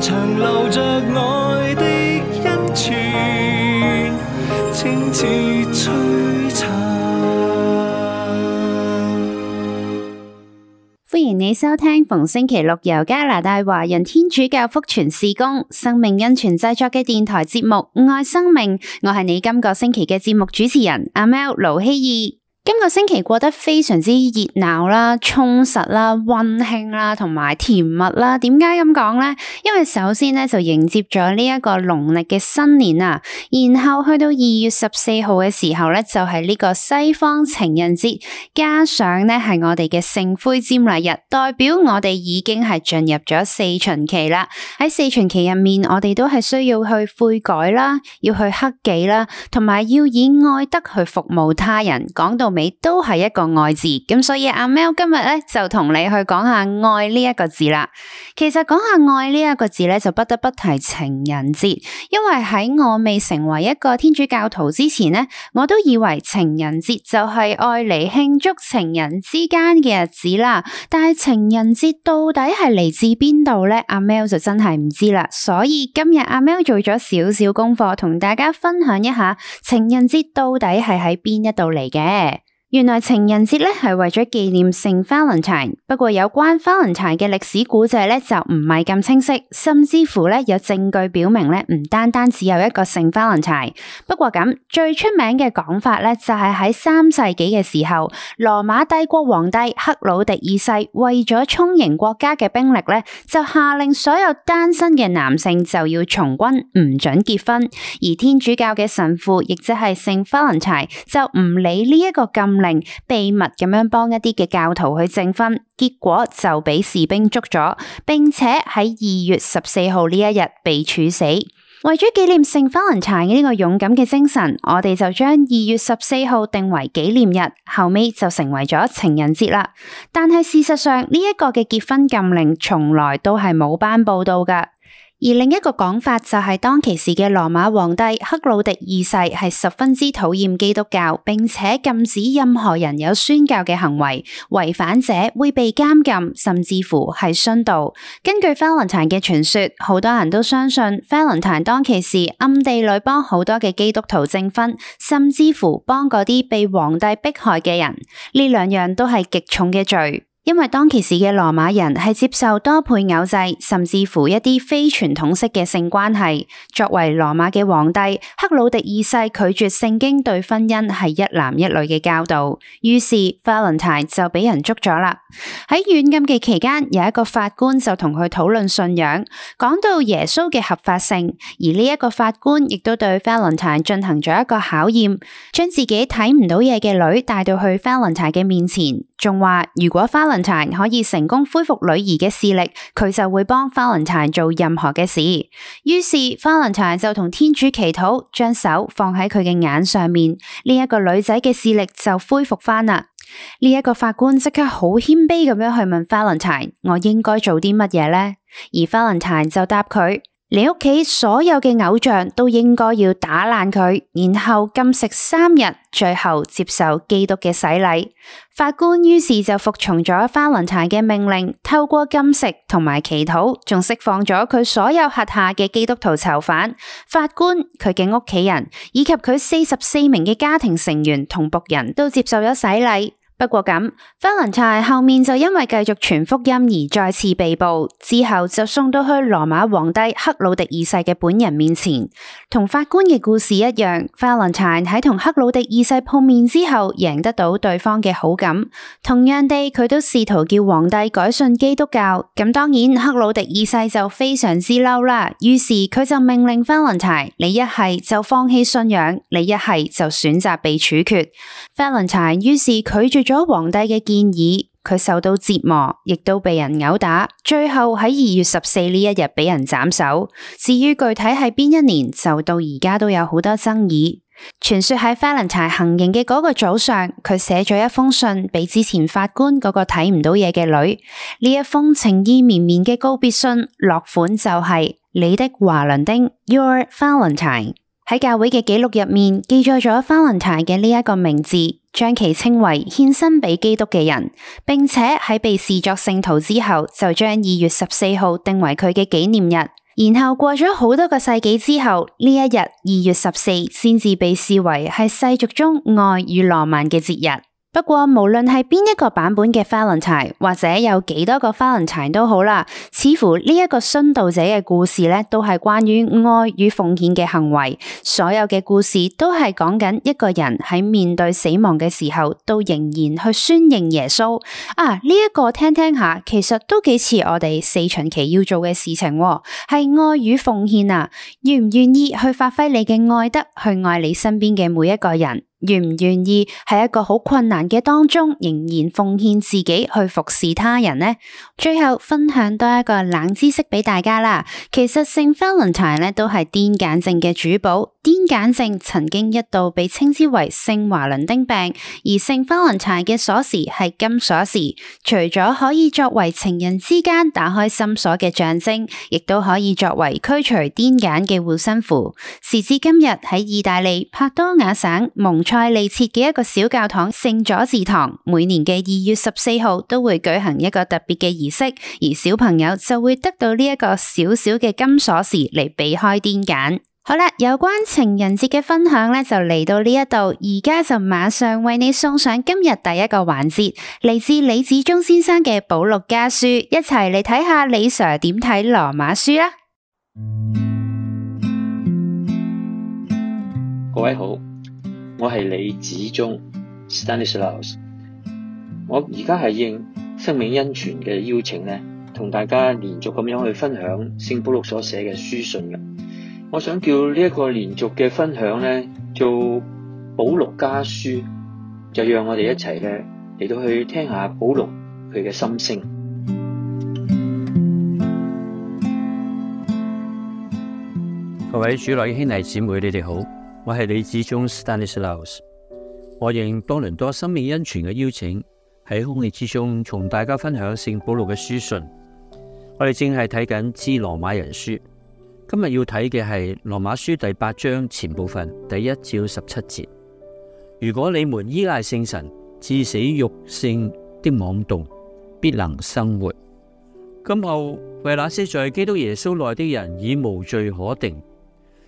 長留着愛的恩泉，清澈璀璨。歡迎你收聽逢星期六由加拿大華人天主教福傳事工生命恩泉製作嘅電台節目《愛生命》，我係你今個星期嘅節目主持人阿 Mel 駱曦。今個星期過得非常之熱鬧啦、充實啦、温馨啦，同埋甜蜜啦。點解咁講呢？因為首先呢，就迎接咗呢一個農曆嘅新年啊，然後去到二月十四號嘅時候呢，就係呢個西方情人節，加上呢，係我哋嘅聖灰瞻禮日，代表我哋已經係進入咗四旬期啦。喺四旬期入面，我哋都係需要去悔改啦，要去克己啦，同埋要以愛德去服務他人。講到都係一個愛字，咁所以阿 Mel 今日咧就同你去講下愛呢一個字啦。其實講下愛呢一個字咧，就不得不提情人節，因為喺我未成為一個天主教徒之前呢，我都以為情人節就係愛嚟慶祝情人之間嘅日子啦。但係情人節到底係嚟自邊度呢？阿 Mel 就真係唔知啦。所以今日阿 Mel 做咗少少功課，同大家分享一下情人節到底係喺邊一度嚟嘅。原來情人節咧係為咗紀念聖 Valentine，不過有關 Valentine 嘅歷史古迹咧就唔係咁清晰，甚至乎咧有證據表明咧唔單單只有一個聖 Valentine。不過咁最出名嘅講法咧就係喺三世紀嘅時候，羅馬帝國皇帝克魯迪二世為咗充盈國家嘅兵力咧，就下令所有單身嘅男性就要從軍，唔准結婚。而天主教嘅神父亦即係聖 Valentine 就唔理呢、這、一個禁。秘密咁樣幫一啲嘅教徒去證婚，結果就被士兵捉咗，並且喺二月十四號呢一日被處死。為咗紀念聖法蘭查嘅呢個勇敢嘅精神，我哋就將二月十四號定為紀念日，後尾就成為咗情人節啦。但係事實上呢一個嘅結婚禁令從來都係冇頒佈到噶。而另一個講法就係當其時嘅羅馬皇帝克魯迪二世係十分之討厭基督教，並且禁止任何人有宣教嘅行為，違反者會被監禁，甚至乎係殉道。根據費倫坦嘅傳說，好多人都相信費倫坦當其時暗地裏幫好多嘅基督徒證婚，甚至乎幫嗰啲被皇帝迫害嘅人。呢兩樣都係極重嘅罪。因為當其時嘅羅馬人係接受多配偶制，甚至乎一啲非傳統式嘅性關係。作為羅馬嘅皇帝，克魯迪二世拒絕聖經對婚姻係一男一女嘅教導，於是 Valentine 就被人捉咗啦。喺軟禁嘅期間，有一個法官就同佢討論信仰，講到耶穌嘅合法性。而呢一個法官亦都對 Valentine 進行咗一個考驗，將自己睇唔到嘢嘅女帶到去 Valentine 嘅面前。仲話如果 Valentine 可以成功恢復女兒嘅視力，佢就會幫 Valentine 做任何嘅事。於是 Valentine 就同天主祈禱，將手放喺佢嘅眼上面，呢一個女仔嘅視力就恢復翻啦。呢一個法官即刻好謙卑咁樣去問 Valentine：我應該做啲乜嘢呢？而 Valentine 就答佢。你屋企所有嘅偶像都應該要打爛佢，然後禁食三日，最後接受基督嘅洗禮。法官於是就服從咗華倫泰嘅命令，透過禁食同埋祈禱，仲釋放咗佢所有轄下嘅基督徒囚犯。法官、佢嘅屋企人，以及佢四十四名嘅家庭成員同僕人都接受咗洗禮。不過咁 Valentine 後面就因為繼續傳福音而再次被捕，之後就送到去羅馬皇帝克魯迪二世嘅本人面前，同法官嘅故事一樣。Valentine 喺同克魯迪二世碰面之後，贏得到對方嘅好感，同樣地佢都試圖叫皇帝改信基督教。咁當然，克魯迪二世就非常之嬲啦，於是佢就命令 Valentine：你一係就放棄信仰，你一係就選擇被處決。Valentine 於是拒絕咗皇帝嘅建議，佢受到折磨，亦都被人毆打，最後喺二月十四呢一日俾人斬首。至於具體係邊一年，就到而家都有好多爭議。傳說喺 Valentine 行刑嘅嗰個早上，佢寫咗一封信俾之前法官嗰個睇唔到嘢嘅女，呢一封情意綿綿嘅告別信，落款就係、是、你的華倫丁，Your Valentine。喺教會嘅記錄入面記載咗 Valentine 嘅呢一個名字。將其稱為獻身俾基督嘅人，並且喺被視作聖徒之後，就將二月十四號定為佢嘅紀念日。然後過咗好多個世紀之後，呢一日二月十四先至被視為係世俗中愛與浪漫嘅節日。不過，無論是哪一個版本嘅華倫泰，或者有幾多個華倫泰都好啦，似乎這一個殉道者的故事咧，都是關於愛與奉獻的行為。所有的故事都是講緊一個人在面對死亡的時候，都仍然去宣認耶穌啊！這一個聽聽下，其實都幾似我們四旬期要做的事情，啊，是愛與奉獻啊！願不願意去發揮你的愛德，去愛你身邊的每一個人？願唔願意喺一個好困難嘅當中，仍然奉獻自己去服侍他人呢？最後分享多一個冷知識畀大家啦，其實聖范倫泰呢都係癲癇症嘅主保。癲癇症曾經一度被稱之為聖華倫丁病，而聖芬蘭茶嘅鎖匙係金鎖匙，除咗可以作為情人之間打開心鎖嘅象徵，亦都可以作為驅除癲癇嘅護身符。時至今日，喺意大利帕多瓦省蒙塞利設嘅一個小教堂聖佐治堂，每年嘅二月十四號都會舉行一個特別嘅儀式，而小朋友就會得到呢一個小小嘅金鎖匙嚟避開癲癇。好啦，有關情人節嘅分享咧，就嚟到呢一度，而家就馬上為你送上今日第一個環節，嚟自李子忠先生嘅《保祿家書》，一齊嚟睇下李 Sir 點睇羅馬書啦。各位好，我係李子忠 Stanislaus，我而家係應生命恩泉嘅邀請咧，同大家連續咁樣去分享聖保祿所寫嘅書信嘅。我想叫呢個連續嘅分享呢做保祿家書，就讓我哋一齊呢來嚟到去聽一下保祿佢嘅心聲。各位主內兄弟姐妹，你哋好，我係李志忠 Stanislaus，我應多倫多生命恩泉嘅邀請，喺空氣之中同大家分享聖保祿嘅書信。我哋正在睇緊《致羅馬人書》。今日要睇嘅係羅馬書第八章前部分第一至十七節。如果你們依賴聖神致死肉性的妄動，必能生活。今後為那些在基督耶穌內的人，已無罪可定，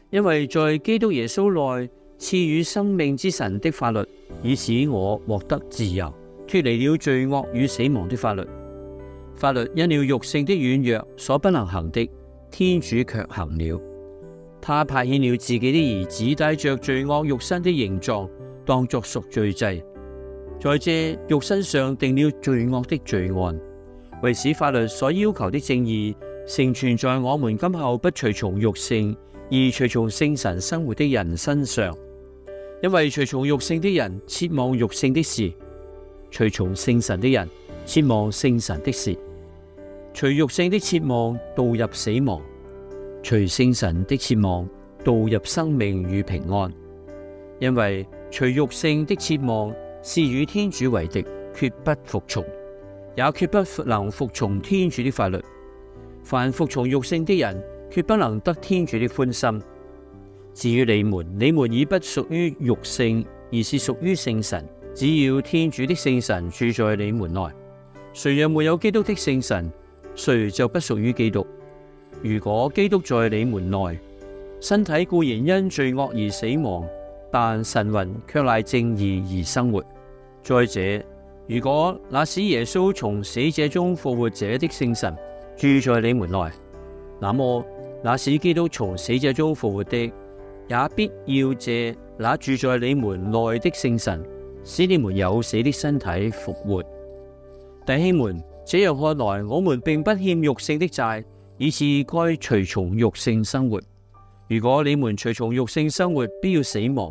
因為在基督耶穌內賜予生命之神的法律，已使我獲得自由，脱離了罪惡與死亡的法律。法律因了肉性的軟弱所不能行的。天主卻行了，他派遣了自己的兒子帶着罪惡肉身的形狀，當作贖罪祭，在這肉身上定了罪惡的罪案，為使法律所要求的正義成全在我們今後不隨從肉性而隨從聖神生活的人身上，因為隨從肉性的人切望肉性的事，隨從聖神的人切望聖神的事。隨肉性的切望導入死亡，隨聖神的切望導入生命與平安。因為隨肉性的切望是與天主為敵，絕不服從，也絕不能服從天主的法律。凡服從肉性的人，絕不能得天主的歡心。至於你們，你們已不屬於肉性，而是屬於聖神。只要天主的聖神住在你們內，誰若沒有基督的聖神，誰就不屬於基督。如果基督在你們內，身體固然因罪惡而死亡，但神魂卻賴正義而生活。再者，如果那使耶穌從死者中復活者的聖神住在你們內，那麼那使基督從死者中復活的，也必要借那住在你們內的聖神，使你們有死的身體復活。弟兄們。這樣看來，我們並不欠肉性的債，以致該隨從肉性生活。如果你們隨從肉性生活，必要死亡；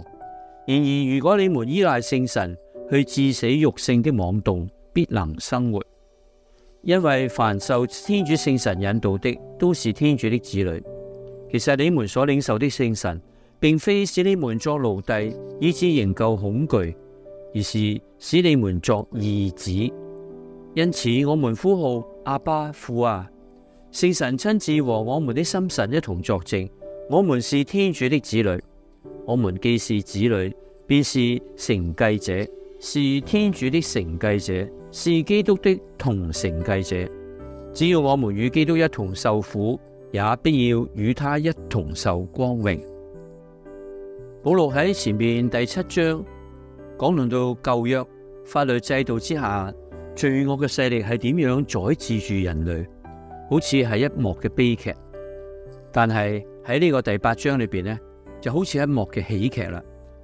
然而，如果你們依賴聖神去致死肉性的妄動，必能生活。因為凡受天主聖神引導的，都是天主的子女。其實你們所領受的聖神，並非使你們作奴隸，以至仍舊恐懼，而是使你們作義子。因此，我們呼號阿爸父啊，聖神親自和我們的心神一同作證，我們是天主的子女。我們既是子女，便是承繼者，是天主的承繼者，是基督的同承繼者。只要我們與基督一同受苦，也必要與他一同受光榮。保祿喺前面第七章講論到舊約法律制度之下。罪惡嘅勢力係點樣宰治住人類，好似係一幕嘅悲劇。但係喺呢個第八章裏邊呢，就好似一幕嘅喜劇啦，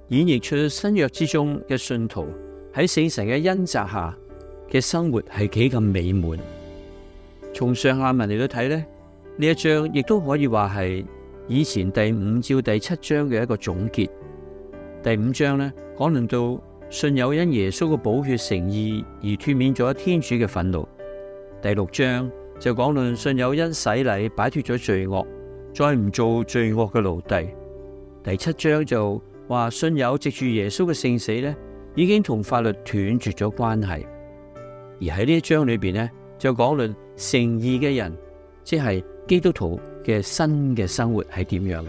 演繹出新約之中嘅信徒喺死神嘅恩澤下嘅生活係幾咁美滿。從上下文嚟到睇呢，呢一章亦都可以話係以前第五至第七章嘅一個總結。第五章呢，講論到信友因耶穌嘅寶血成義而脫免咗天主嘅憤怒。第六章就講論信友因洗禮擺脫咗罪惡，再唔做罪惡嘅奴隸。第七章就話信友藉住耶穌嘅聖死咧，已經同法律斷絕咗關係。而喺呢一章裏邊呢，就講論成義嘅人，即係基督徒嘅新嘅生活係點樣嘅。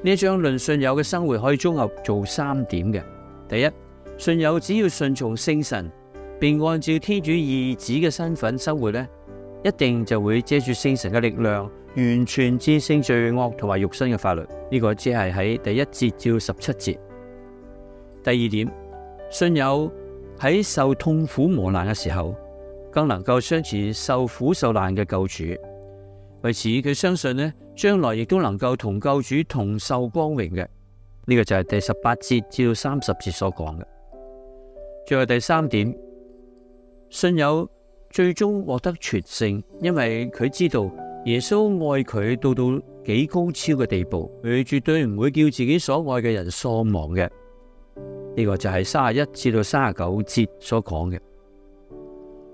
呢一章論信友嘅生活可以綜合做三點嘅。第一，信友只要順從聖神，便按照天主義子嘅身份生活咧，一定就會借住聖神嘅力量，完全戰勝罪惡同埋肉身嘅法律。呢、這個只係喺第一節至十七節。第二點，信友喺受痛苦磨難嘅時候，更能夠肖似受苦受難嘅救主，為此佢相信呢，將來亦都能夠同救主同受光榮嘅。呢個就係第十八節至到三十節所講嘅。最後第三點，信友最終獲得全勝，因為佢知道耶穌愛佢到到幾高超嘅地步，佢絕對唔會叫自己所愛嘅人喪亡嘅。呢個就係三十一至到三十九節所講嘅。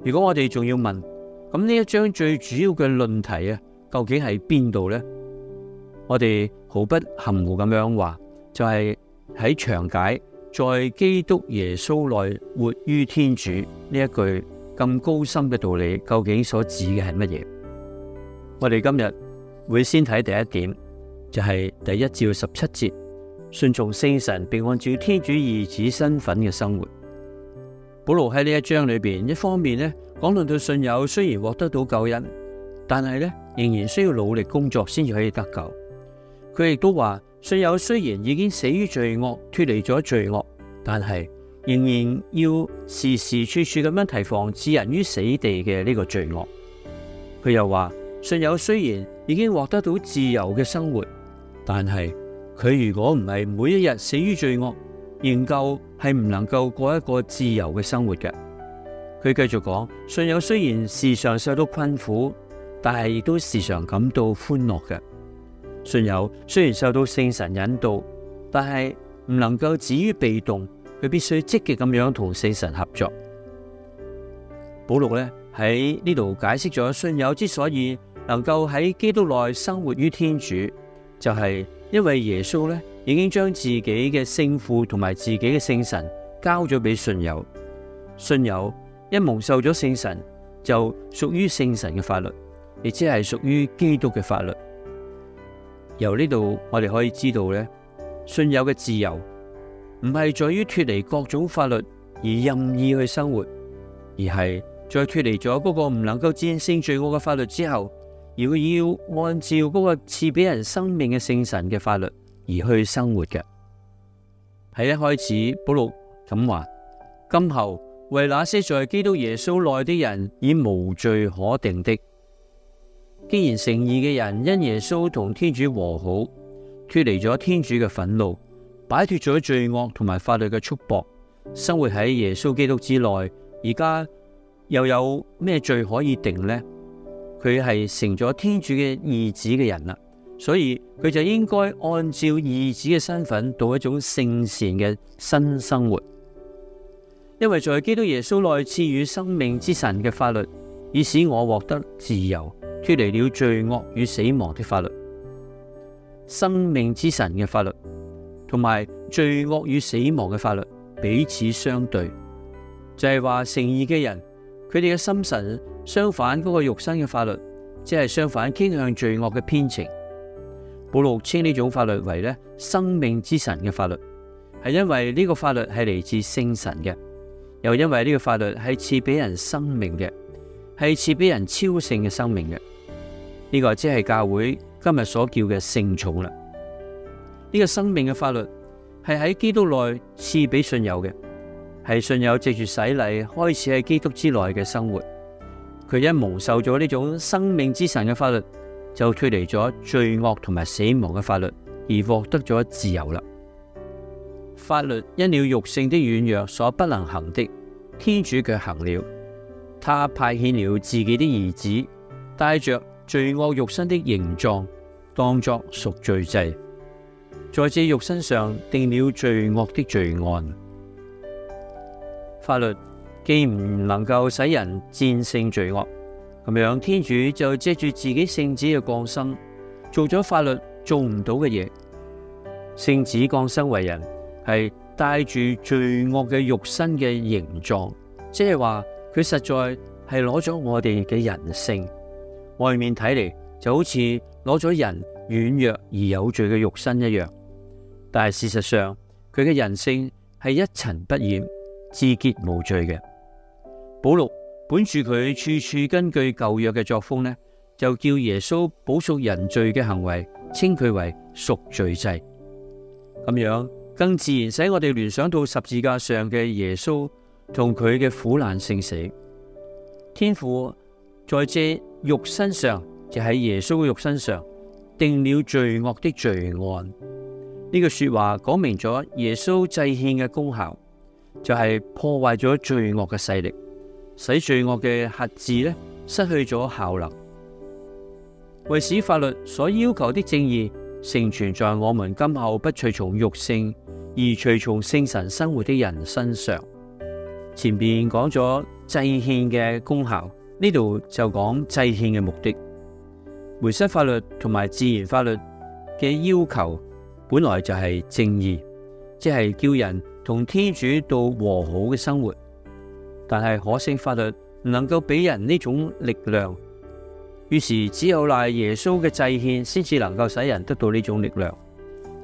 如果我哋仲要問，咁呢一章最主要嘅論題啊，究竟喺邊度呢？我哋毫不含糊咁樣話。就係喺詳解在基督耶穌內活於天主呢一句咁高深嘅道理，究竟所指嘅係乜嘢？我哋今日會先睇第一點，就係第一至十七節，信從聖神，並按照天主義子身份嘅生活。保羅喺呢一章裏邊，一方面咧講論到信友雖然獲得到救恩，但係咧仍然需要努力工作先至可以得救。佢亦都話。信友雖然已經死於罪惡，脫離咗罪惡，但係仍然要時時處處咁樣提防置人於死地嘅呢個罪惡。佢又話，信友雖然已經獲得到自由嘅生活，但係佢如果唔係每一日死於罪惡，仍舊係唔能夠過一個自由嘅生活嘅。佢繼續講，信友雖然時常受到困苦，但係亦都時常感到歡樂嘅。信友雖然受到聖神引導，但係唔能夠止於被動，佢必須積極咁樣同聖神合作。保祿呢，喺呢度解釋咗信友之所以能夠喺基督內生活於天主，就係因為耶穌呢已經將自己嘅聖父同埋自己嘅聖神交咗俾信友。信友一蒙受咗聖神，就屬於聖神嘅法律，亦即係屬於基督嘅法律。由呢度我哋可以知道咧，信友嘅自由唔係在於脱離各種法律而任意去生活，而係在脱離咗嗰個唔能夠戰勝罪惡嘅法律之後，而要按照嗰個賜俾人生命嘅聖神嘅法律而去生活嘅。喺一開始，保祿咁話，今後為那些在基督耶穌內的人，以無罪可定的。既然誠意嘅人因耶穌同天主和好，脫離咗天主嘅憤怒，擺脫咗罪惡同埋法律嘅束縛，生活喺耶穌基督之內，而家又有咩罪可以定呢？佢係成咗天主嘅義子嘅人啦，所以佢就應該按照義子嘅身份，到一種聖善嘅新生活。因為在基督耶穌內賜予生命之神嘅法律，已使我獲得自由。脫離了罪惡與死亡的法律，生命之神嘅法律，同埋罪惡與死亡嘅法律彼此相對，就係、是、話誠意嘅人，佢哋嘅心神相反，嗰個肉身嘅法律，即係相反傾向罪惡嘅偏情。保祿稱呢種法律為咧生命之神嘅法律，係因為呢個法律係嚟自聖神嘅，又因為呢個法律係賜俾人生命嘅。係賜俾人超性嘅生命嘅，呢個即係教會今日所叫嘅聖寵啦。呢個生命嘅法律係喺基督內賜俾信友嘅，係信友藉住洗禮開始喺基督之內嘅生活。佢一蒙受咗呢種生命之神嘅法律，就脫離咗罪惡同埋死亡嘅法律，而獲得咗自由啦。法律因了肉性的軟弱所不能行的，天主卻行了。他派遣了自己的兒子，帶着罪惡肉身的形狀，當作贖罪祭，在這肉身上定了罪惡的罪案。法律既唔能夠使人戰勝罪惡，咁樣天主就借住自己聖子嘅降生，做咗法律做唔到嘅嘢。聖子降生為人，係帶住罪惡嘅肉身嘅形狀，即係話。佢實在係攞咗我哋嘅人性，外面睇嚟就好似攞咗人軟弱而有罪嘅肉身一樣，但係事實上佢嘅人性係一塵不染、至潔無罪嘅。保祿本住佢處處根據舊約嘅作風呢，就叫耶穌補贖人罪嘅行為，稱佢為贖罪祭，咁樣更自然使我哋聯想到十字架上嘅耶穌。同佢嘅苦難聖死，天父在這肉身上，就喺耶穌嘅肉身上，定了罪惡的罪案。呢句說話講明咗耶穌祭獻嘅功效，就係破壞咗罪惡嘅勢力，使罪惡嘅轄治咧失去咗效能，為使法律所要求的正義成全在，我們今後不隨從肉性而隨從聖神生活的人身上。前面講咗祭獻嘅功效，呢度就講祭獻嘅目的。梅瑟法律同埋自然法律嘅要求本來就是正義，即係叫人同天主到和好嘅生活。但係可惜法律唔能夠俾人呢種力量。於是，只有賴耶穌嘅祭獻先至能夠使人得到呢種力量。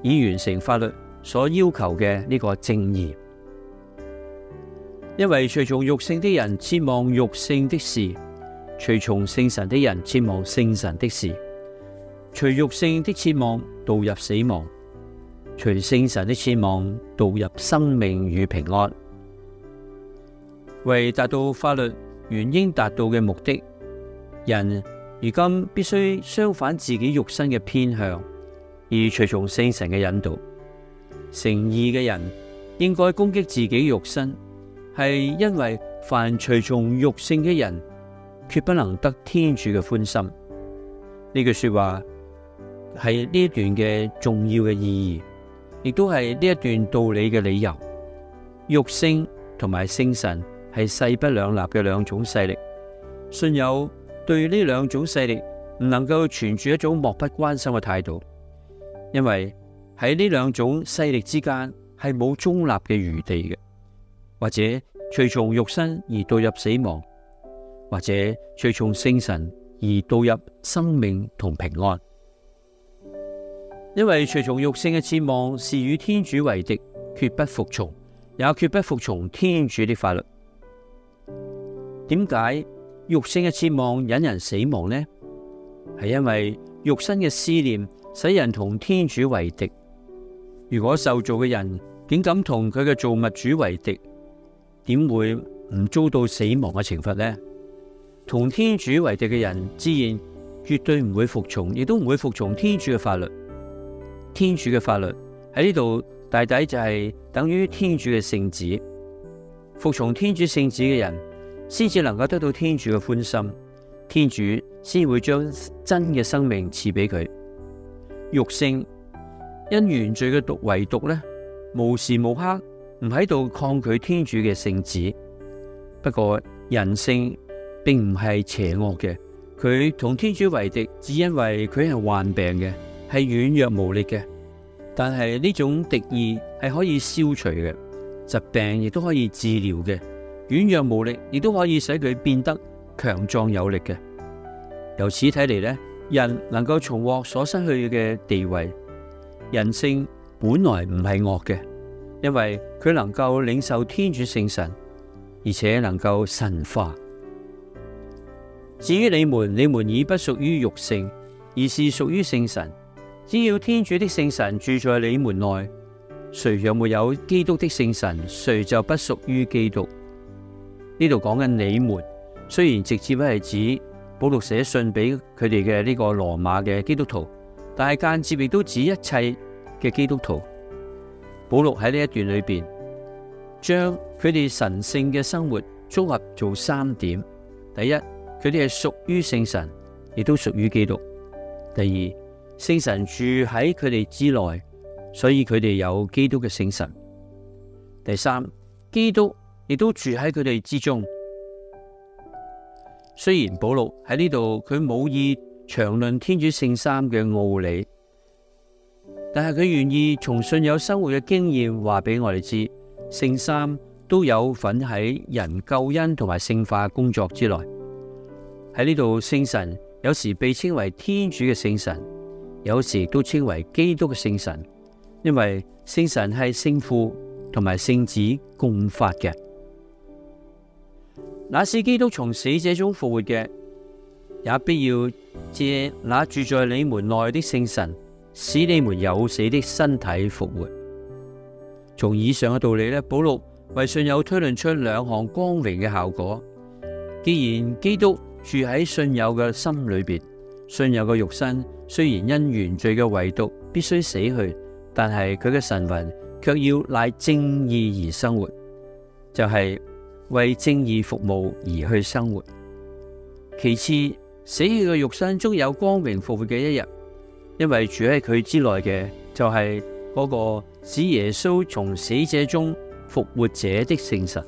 以完成法律所要求嘅呢個正義。因為隨從肉性的人，切望肉性的事；隨從聖神的人，切望聖神的事。隨肉性的切望，導入死亡；隨聖神的切望，導入生命與平安。為達到法律原應達到嘅目的，人如今必須相反自己肉身嘅偏向，而隨從聖神嘅引導。誠意嘅人應該攻擊自己肉身。係因為凡隨從肉性嘅人，決不能得天主嘅歡心。呢句說話係呢段嘅重要嘅意義，亦都係呢一段道理嘅理由。肉性同埋聖神係勢不兩立嘅兩種勢力。信友對呢兩種勢力唔能夠存住一種漠不關心嘅態度，因為喺呢兩種勢力之間係冇中立嘅餘地嘅。或者隨從肉身而墮入死亡，或者隨從聖神而墮入生命同平安。因為隨從肉性嘅期望是與天主為敵，決不服從，也決不服從天主的法律。點解肉身嘅期望引人死亡呢？係因為肉身嘅思念使人同天主為敵。如果受造嘅人竟敢同佢嘅造物主為敵，點會唔遭到死亡嘅懲罰呢？同天主為敵嘅人自然絕對唔會服從，亦都唔會服從天主嘅法律。天主嘅法律喺呢度大抵就係等於天主嘅聖旨。服從天主聖旨嘅人，先至能夠得到天主嘅歡心，天主先會將真嘅生命賜俾佢。肉性因原罪嘅毒為毒呢，無時無刻。唔喺度抗拒天主嘅聖旨。不過人性並唔係邪惡嘅，佢同天主為敵，只因為佢係患病嘅，係軟弱無力嘅。但係呢種敵意係可以消除嘅，疾病亦都可以治療嘅，軟弱無力亦都可以使佢變得強壯有力嘅。由此睇嚟呢，人能夠重獲所失去嘅地位，人性本來唔係惡嘅。因為佢能夠領受天主聖神，而且能夠神化。至於你們，你們已不屬於肉性，而是屬於聖神。只要天主的聖神住在你們內，誰若沒有基督的聖神，誰就不屬於基督。呢度講緊你們，雖然直接係指保禄寫信俾佢哋嘅呢個羅馬嘅基督徒，但係間接亦都指一切嘅基督徒。保祿喺呢一段裏面，將佢哋神聖嘅生活綜合做三點：第一，佢哋係屬於聖神，亦都屬於基督；第二，聖神住喺佢哋之內，所以佢哋有基督嘅聖神；第三，基督亦都住喺佢哋之中。雖然保祿喺呢度，佢冇意詳論天主聖三嘅奧理。但係佢願意從信仰生活嘅經驗話俾我哋知，聖三都有份喺人救恩同埋聖化工作之內。喺呢度，聖神有時被稱為天主嘅聖神，有時都稱為基督嘅聖神，因為聖神係聖父同埋聖子共發嘅。那使基督從死者中復活嘅，也必要借那住在你們內的聖神，使你們有死的身體復活。從以上嘅道理呢，保祿為信友推論出兩項光榮嘅效果。既然基督住喺信友嘅心裏邊，信友嘅肉身雖然因原罪嘅遺毒必須死去，但係佢嘅神魂卻要賴正義而生活，就係、是、為正義服務而去生活。其次，死去嘅肉身終有光榮復活嘅一日。因為住喺佢之內嘅就係、是、嗰個指耶穌從死者中復活者的聖神。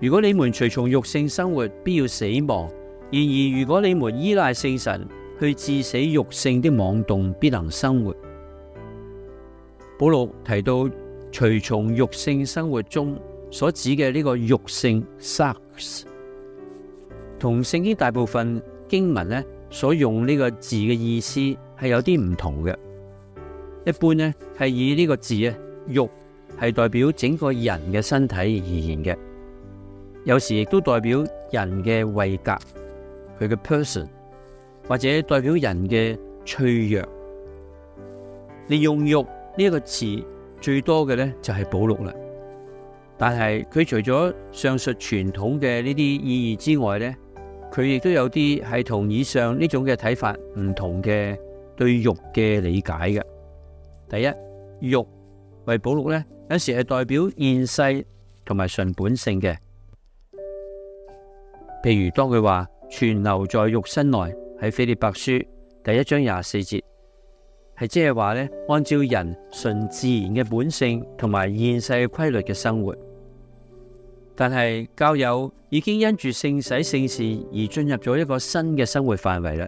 如果你們隨從肉性生活，必要死亡；然而，如果你們依賴聖神去致死肉性的妄動，必能生活。保祿提到隨從肉性生活中所指嘅呢個肉性 s u c k s 同聖經大部分經文呢，所用呢個字嘅意思係有啲唔同嘅，一般呢係以呢個字啊，肉係代表整個人嘅身體而言嘅，有時亦都代表人嘅位格，佢嘅 person 或者代表人嘅脆弱。你用肉呢個詞，最多嘅呢，就係保祿啦，但係佢除咗上述傳統嘅呢啲意義之外呢。佢亦都有啲係同以上呢種嘅睇法唔同嘅對肉嘅理解嘅。第一，肉為保祿呢，有時係代表現世同埋純本性嘅。譬如當佢話存留在肉身內，喺斐理伯書第一章廿四節，係即係話呢，按照人純自然嘅本性同埋現世嘅規律嘅生活。但係教友已經因住聖洗聖事而進入咗一個新嘅生活範圍啦，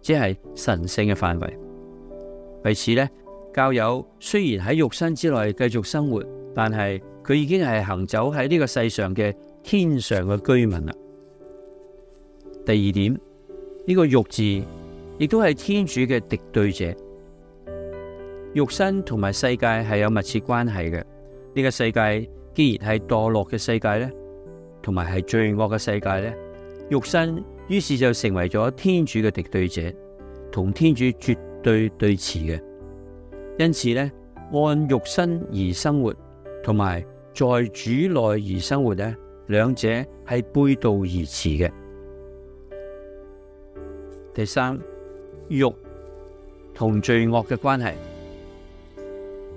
即係神聖嘅範圍。為此呢，教友雖然喺肉身之內繼續生活，但係佢已經係行走喺呢個世上嘅天上嘅居民啦。第二點，呢、這個肉字亦都係天主嘅敵對者，肉身同埋世界係有密切關係嘅，呢、這個世界。既然係墮落嘅世界呢，同埋係罪惡嘅世界呢，肉身於是就成為咗天主嘅敵對者，同天主絕對對峙嘅。因此呢，按肉身而生活，同埋在主內而生活呢，兩者係背道而馳嘅。第三，肉同罪惡嘅關係，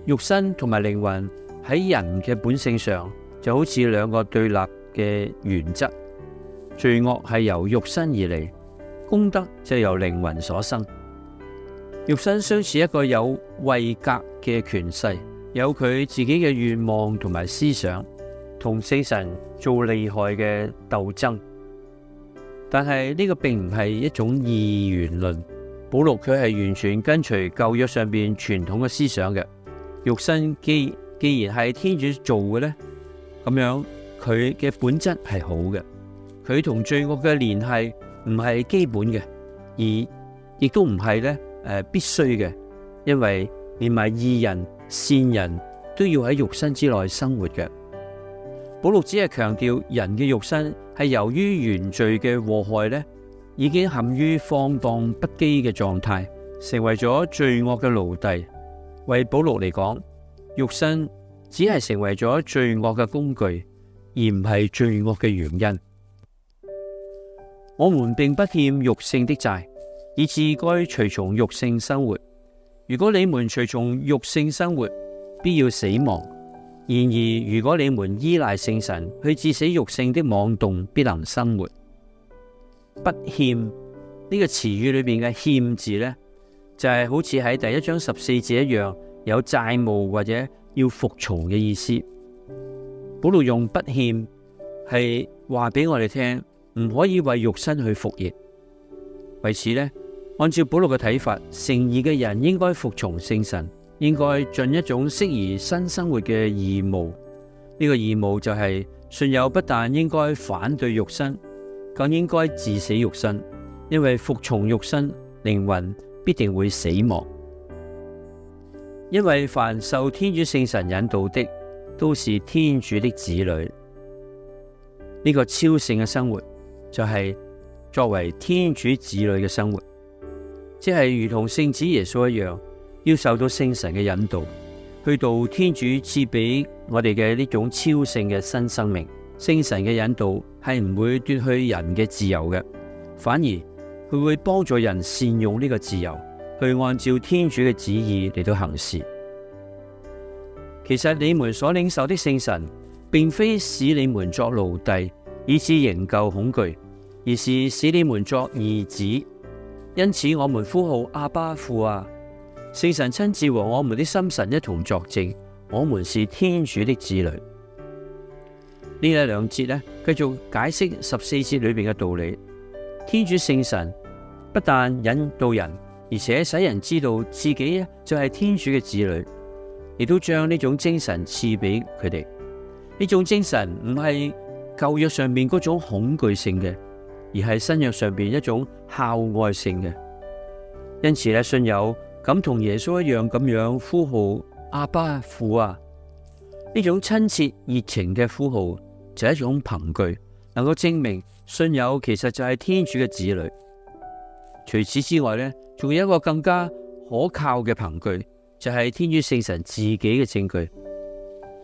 肉身同埋靈魂。喺人嘅本性上就好似兩個對立嘅原則，罪惡係由肉身而嚟，功德就由靈魂所生。肉身相似一個有位格嘅權勢，有佢自己嘅願望同埋思想，同四神做厲害嘅鬥爭。但係呢、這個並唔係一種二元論，保祿佢係完全跟隨舊約上邊傳統嘅思想嘅肉身基。既然係天主做嘅呢，咁樣佢嘅本質係好嘅，佢同罪惡嘅聯繫唔係基本嘅，而亦都唔係咧誒必須嘅，因為連埋義人善人都要喺肉身之內生活嘅。保祿只係強調人嘅肉身係由於原罪嘅禍害呢，已經陷於放蕩不羈嘅狀態，成為咗罪惡嘅奴隸。為保祿嚟講。肉身只係成為咗罪惡嘅工具，而唔係罪惡嘅原因。我們並不欠肉性的債，以致該隨從肉性生活。如果你們隨從肉性生活，必要死亡；然而，如果你們依賴聖神去致死肉性的妄動，必能生活。不欠呢、這個詞語裏面嘅欠字呢，就係、是、好似喺第一章十四節一樣。有債務或者要服從嘅意思，保祿用不欠係話俾我哋聽，唔可以為肉身去服役。為此呢，按照保祿嘅睇法，成義嘅人應該服從聖神，應該盡一種適宜新生活嘅義務。呢、這個義務就係信友不但應該反對肉身，更應該治死肉身，因為服從肉身，靈魂必定會死亡。因為凡受天主聖神引導的，都是天主的子女。呢、這個超性嘅生活就係、是、作為天主子女嘅生活，即係如同聖子耶穌一樣，要受到聖神嘅引導，去度天主賜俾我哋嘅呢種超性嘅新生命。聖神嘅引導係唔會奪去人嘅自由嘅，反而佢會幫助人善用呢個自由。去按照天主嘅旨意嚟到行事。其實你們所領受的聖神，並非使你們作奴隸，以致仍舊恐懼，而是使你們作兒子。因此，我們呼號阿爸父啊！聖神親自和我們的心神一同作證，我們是天主的子女。呢一兩節咧，繼續解釋十四節裏邊嘅道理。天主聖神不但引導人。而且使人知道自己就係天主嘅子女，亦都將呢種精神賜俾佢哋。呢種精神唔係舊約上面嗰種恐懼性嘅，而係新約上邊一種孝愛性嘅。因此咧，信友咁同耶穌一樣咁樣呼號阿爸父啊，呢種親切熱情嘅呼號就係一種憑據，能夠證明信友其實就係天主嘅子女。除此之外呢，仲有一個更加可靠嘅憑據，就係天主聖神自己嘅證據。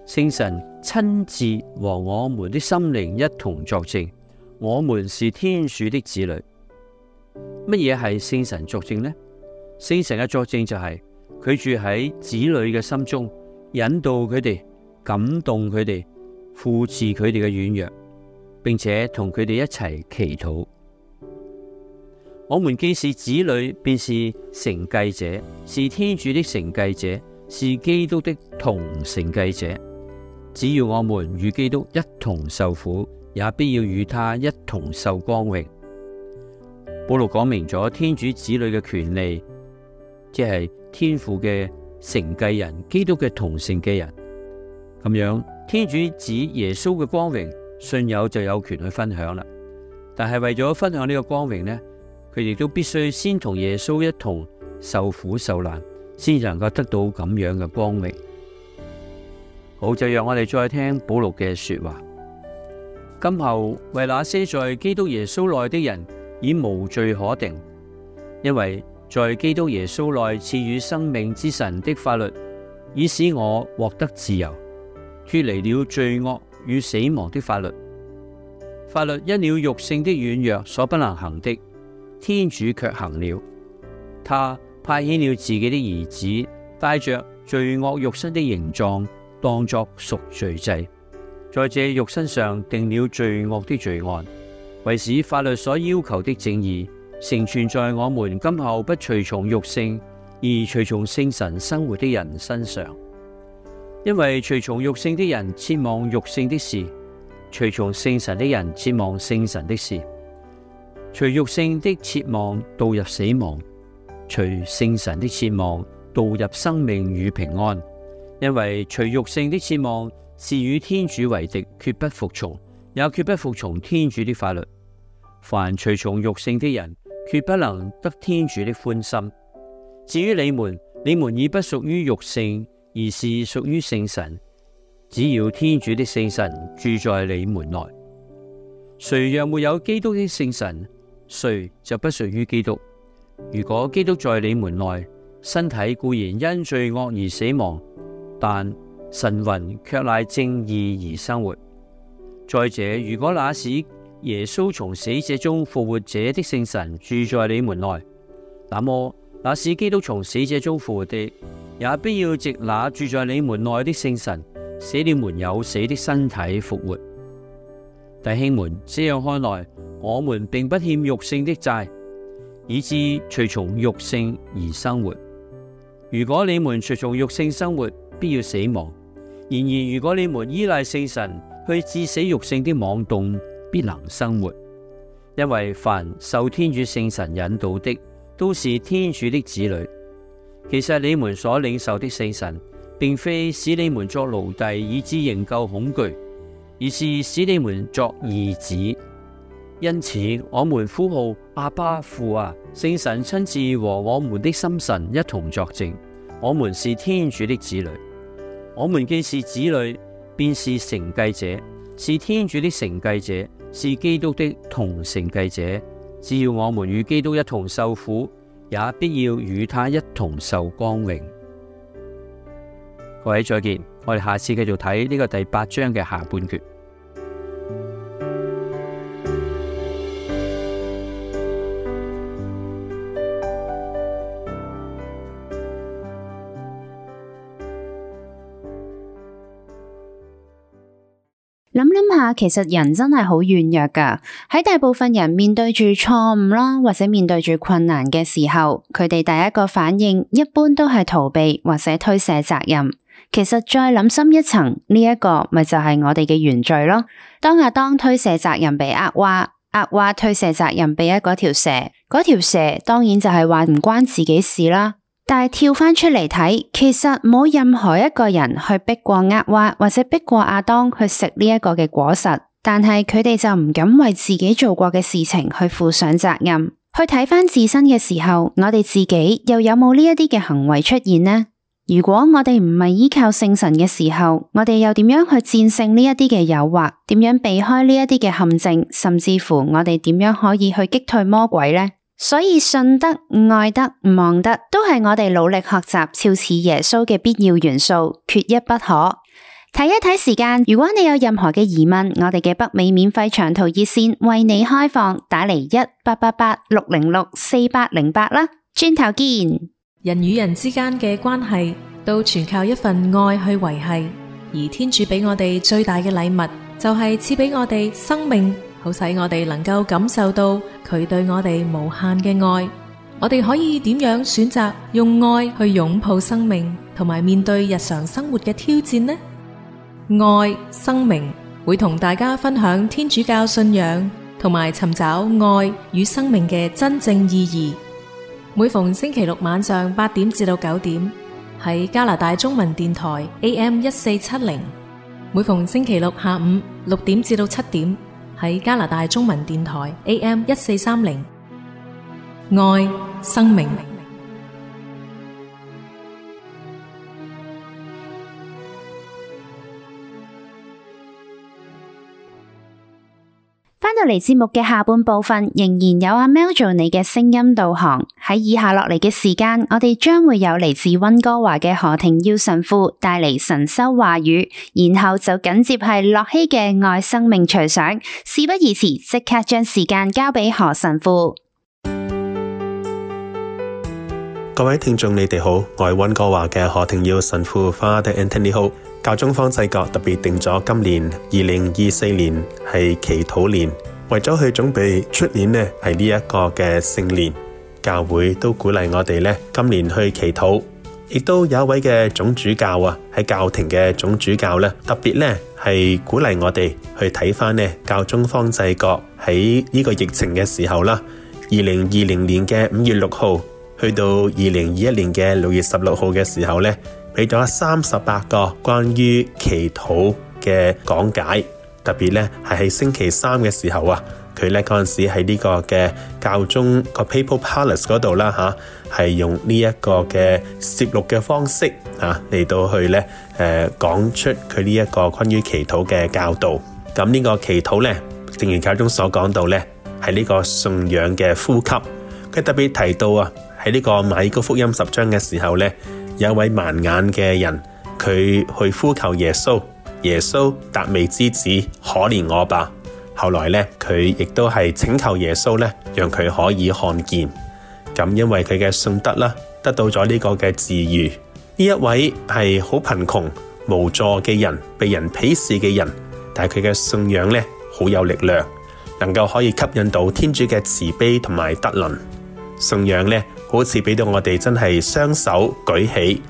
聖神親自和我們的心靈一同作證，我們是天主的子女。乜嘢係聖神作證呢？聖神嘅作證就係佢住喺子女嘅心中，引導佢哋，感動佢哋，扶持佢哋嘅軟弱，並且同佢哋一齊祈禱。我們既是子女，便是承繼者，是天主的承繼者，是基督的同承繼者。只要我們與基督一同受苦，也必要與他一同受光榮。保祿講明咗天主子女嘅權利，即係天父嘅承繼人，基督嘅同承繼人。咁樣，天主子耶穌嘅光榮，信友就有權去分享啦。但係為咗分享呢個光榮呢。佢亦都必須先同耶穌一同受苦受難，先能夠得到咁樣嘅光明。好，就讓我哋再聽保祿嘅說話。今後為那些在基督耶穌內的人，已無罪可定，因為在基督耶穌內賜予生命之神的法律，已使我獲得自由，脫離了罪惡與死亡的法律。法律因了肉性的軟弱所不能行的。天主卻行了，他派遣了自己的兒子，帶着罪惡肉身的形狀，當作贖罪祭，在這肉身上定了罪惡的罪案，為使法律所要求的正義成全在我們今後不隨從肉性而隨從聖神生活的人身上，因為隨從肉性的人，切望肉性的事；隨從聖神的人，切望聖神的事。隨肉性的切望導入死亡，隨聖神的切望導入生命與平安。因為隨肉性的切望是與天主為敵，決不服從，也決不服從天主的法律。凡隨從肉性的人，決不能得天主的歡心。至於你們，你們已不屬於肉性，而是屬於聖神。只要天主的聖神住在你們內，誰若沒有基督的聖神，誰就不屬於基督。如果基督在你們內，身體固然因罪惡而死亡，但神魂却賴正義而生活。再者，如果那時耶穌從死者中復活者的聖神住在你們內，那麼那使基督從死者中復活的，也必要藉那住在你們內的聖神，使你們有死的身體復活。弟兄們，這樣看來，我們並不欠肉性的債，以致隨從肉性而生活。如果你們隨從肉性生活，必要死亡；然而，如果你們依賴聖神去致死肉性的妄動，必能生活。因為凡受天主聖神引導的，都是天主的子女。其實你們所領受的聖神，並非使你們作奴隸，以致仍舊恐懼，而是使你們作兒子。因此，我們呼號阿爸父啊，聖神親自和我們的心神一同作證，我們是天主的子女。我們既是子女，便是承繼者，是天主的承繼者，是基督的同承繼者。只要我們與基督一同受苦，也必要與他一同受光榮。各位再見，我哋下次繼續睇呢個第八章嘅下半節。其實人真係好軟弱㗎，喺大部分人面對住錯誤啦，或者面對住困難嘅時候，佢哋第一個反應一般都係逃避或者推卸責任。其實再諗深一層，呢一個咪就係我哋嘅原罪咯。當阿當推卸責任畀夏娃，夏娃推卸責任畀一條蛇，嗰條蛇當然就係話唔關自己事啦。但係跳返出嚟睇，其實冇任何一個人去逼過厄娃，或者逼過亞當去食呢一個嘅果實，但係佢哋就唔敢為自己做過嘅事情去負上責任。去睇返自身嘅時候，我哋自己又有冇呢一啲嘅行為出現呢？如果我哋唔係依靠聖神嘅時候，我哋又點樣去戰勝呢一啲嘅誘惑？點樣避開呢一啲嘅陷阱？甚至乎我哋點樣可以去擊退魔鬼呢？所以信德、愛德、望德都係我哋努力學習、肖似耶穌嘅必要元素，缺一不可。睇一睇時間，如果你有任何嘅疑問，我哋嘅北美免費長途熱線為你開放，打嚟一八八八六零六四八零八啦。轉頭見。人與人之間嘅關係都全靠一份愛去維繫，而天主俾我哋最大嘅禮物，就係賜俾我哋生命。好使我哋能夠感受到佢對我哋無限嘅愛。我哋可以點樣選擇用愛去擁抱生命，同埋面對日常生活嘅挑戰呢？愛生命會同大家分享天主教信仰，同埋尋找愛與生命嘅真正意義。每逢星期六晚上八點至到九點，喺加拿大中文電台 A.M. 一四七零。每逢星期六下午六點至到七點。喺加拿大中文電台 AM 一四三零，愛生命。嚟節目嘅下半部分仍然有阿 Mel 做你嘅聲音導航。喺以下落嚟嘅時間，我哋將會有嚟自溫哥華嘅何庭耀神父帶嚟神修話語，然後就緊接係駱曦嘅愛生命隨想。事不宜遲，即刻將時間交俾何神父。各位聽眾，你哋好，我係溫哥華嘅何庭耀神父 Father Anthony Ho。好教宗方濟各特別定咗今年二零二四年係祈禱年。為咗去準備出年咧，係呢一個嘅聖年，教會都鼓勵我哋咧，今年去祈禱，亦都有一位嘅總主教啊，喺教廷嘅總主教咧，特別咧，係鼓勵我哋去睇返咧教宗方濟各喺呢個疫情嘅時候啦，二零二零年嘅五月六號去到二零二一年嘅六月十六號嘅時候咧，俾咗三十八個關於祈禱嘅講解。特別咧，係喺星期三嘅時候啊，佢咧嗰陣時喺呢個嘅教宗，個 Papal Palace 嗰度啦吓，係、啊、用呢一個嘅攝錄嘅方式啊，嚟到去咧誒、呃、講出佢呢一個關於祈禱嘅教導。咁呢個祈禱咧，正如教宗所講到咧，係呢個信仰嘅呼吸。佢特別提到啊，喺呢、這個馬爾谷福音十章嘅時候咧，有一位盲眼嘅人，佢去呼求耶穌。耶穌，達味之子，可憐我吧。後來呢，佢亦都係請求耶穌呢，讓佢可以看見。咁因為佢嘅信德啦，得到咗呢個嘅治癒。呢一位係好貧窮、無助嘅人，被人鄙視嘅人，但係佢嘅信仰呢，好有力量，能夠可以吸引到天主嘅慈悲同埋德能。信仰呢，好似俾到我哋真係雙手舉起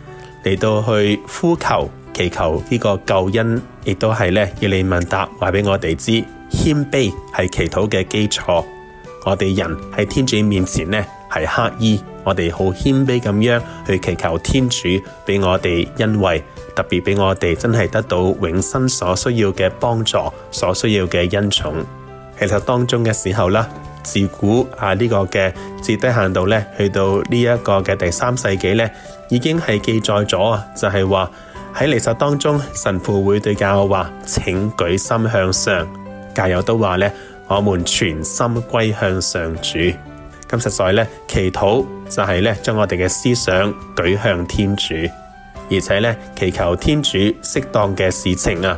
嚟，到去呼求。祈求呢個救恩，亦都係呢。要理問答，話俾我哋知。謙卑係祈禱嘅基礎。我哋人喺天主面前呢，係乞衣，我哋好謙卑咁樣去祈求天主俾我哋恩惠，特別俾我哋真係得到永生所需要嘅幫助，所需要嘅恩寵。其實當中嘅時候啦，自古啊呢、這個嘅至低限度呢，去到呢一個嘅第三世紀呢，已經係記載咗啊，就係、是、話。喺彌撒當中，神父會對教友話：請舉心向上。教友都話我們全心歸向上主。咁實在呢，祈禱就係，呢將我哋嘅思想舉向天主，而且呢，祈求天主適當嘅事情啊，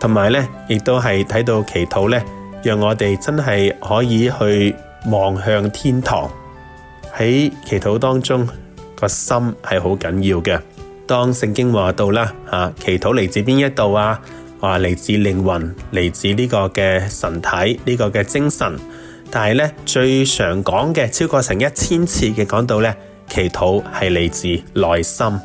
同埋呢，亦都係睇到祈禱呢，讓我哋真係可以去望向天堂。喺祈禱當中，個心係好緊要嘅。當聖經話到啦，啊，祈禱嚟自邊一度啊？話嚟自靈魂，嚟自呢個嘅神體，呢個嘅精神。但係咧，最常講嘅超過成一千次嘅講到咧，祈禱係嚟自內心。